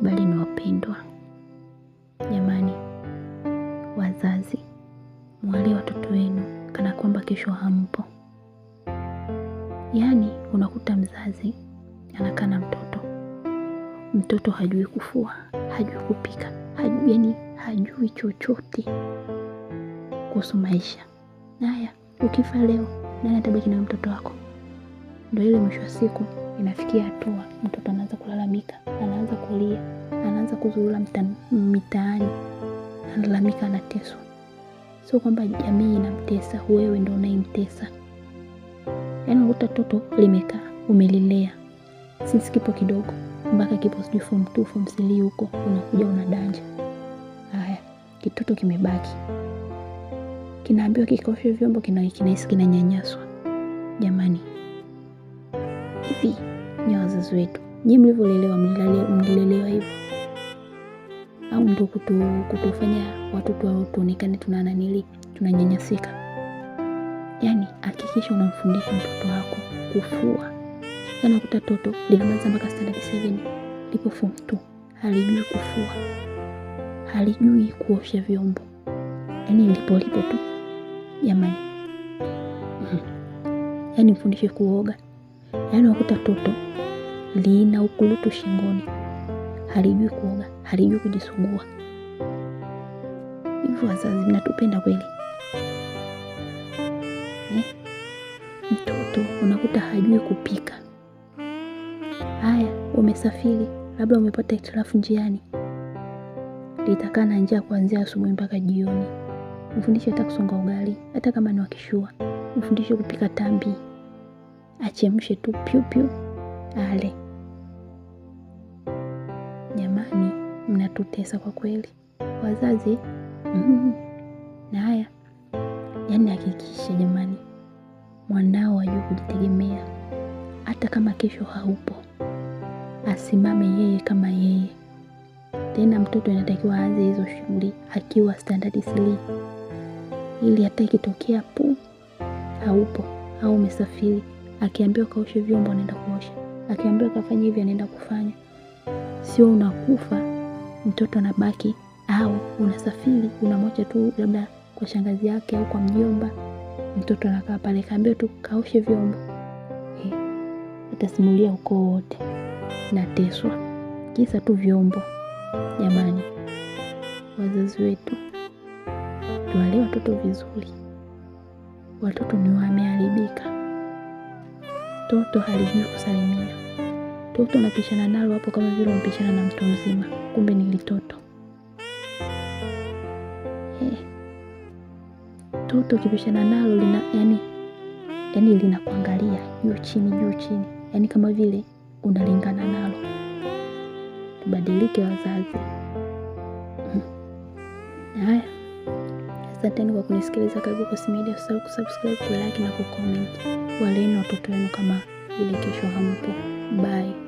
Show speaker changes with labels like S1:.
S1: bali ni wapendwa, jamani, wazazi mwalie watoto wenu kana kwamba kesho hampo. Yaani unakuta mzazi anakaa na mtoto, mtoto hajui kufua, hajui kupika, hajui yani hajui chochote kuhusu maisha. Naya ukifa leo, nani atabaki na mtoto wako? ndo ile mwisho wa siku inafikia hatua mtoto anaanza kulalamika, anaanza kulia, anaanza kuzurura mitaani, analalamika, anateswa. Sio kwamba jamii inamtesa, wewe ndo unayemtesa. Yaani unakuta toto limekaa, umelilea sisi kipo kidogo mpaka kipo sijui form two form three huko, unakuja unadanja. Haya, kitoto kimebaki, kinaambiwa kikaoshe vyombo, kinanyanyaswa. Jamani, Hivi ni wazazi wetu, je, mlivyolelewa mlilelewa hivyo au ndo kutufanya watoto wao tuonekane tuna nanili tunanyanyasika? Yani hakikisha unamfundisha mtoto wako kufua. Yaani kuta toto linamaliza mpaka standard 7 lipo form 2 halijui kufua, halijui kuosha vyombo, yani lipo lipo tu jamani. Yani Yaani mfundishe kuoga yaani wakuta toto lina ukulutu shingoni, halijui kuoga, halijui kujisugua. Hivyo wazazi mnatupenda kweli eh? Mtoto unakuta hajui kupika. Haya, umesafiri labda umepata itirafu njiani, litakaa na njia kuanzia asubuhi mpaka jioni. Mfundishe hata kusonga ugali, hata kama ni wakishua, mfundishe kupika tambi achemshe tu pyupyu ale. Jamani, mnatutesa kwa kweli wazazi. Mm, na haya yaani, hakikisha jamani, mwanao ajue kujitegemea, hata kama kesho haupo asimame yeye kama yeye. Tena mtoto anatakiwa aanze hizo shughuli akiwa standard three, ili hata ikitokea pu haupo au umesafiri akiambiwa kaoshe vyombo anaenda kuosha, akiambiwa kafanye hivi anaenda kufanya. Sio unakufa mtoto anabaki, au unasafiri unamwacha tu labda kwa shangazi yake au kwa mjomba, mtoto anakaa pale, kaambiwa tu kaoshe vyombo, atasimulia ukoo wote nateswa, kisa tu vyombo. Jamani, wazazi wetu tuwalee watoto vizuri, watoto ni wameharibika. Toto halijui kusalimia. Toto unapishana nalo hapo kama vile unapishana na mtu mzima, kumbe ni litoto. Toto ukipishana eh. nalo lina yani, yani linakuangalia juu chini juu chini, yani kama vile unalingana nalo. Tubadilike wazazi. Hmm. Haya. Asanteni kwa kunisikiliza. Karibu Cossy Media, usisahau kusubscribe, kulike na kucomment. Waleni watoto wenu kama ile kesho hampo. Bye.